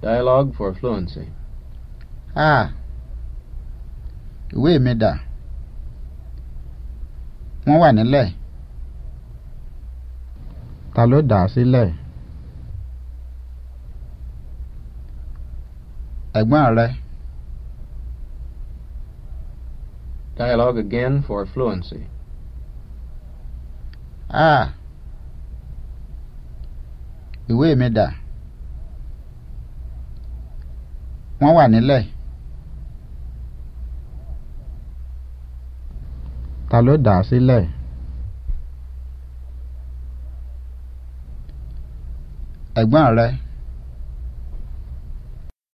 Dialogue for fluency. Ah, ìwé mi dà wọ́n wà nílẹ̀ ta dà si le. ẹ̀gbọ́n le. Dialogue again for fluency. Ah, ìwé me dà. wọ́n wà nílẹ̀ ta ló dà á sílẹ̀ ẹ̀gbọ́n rẹ̀.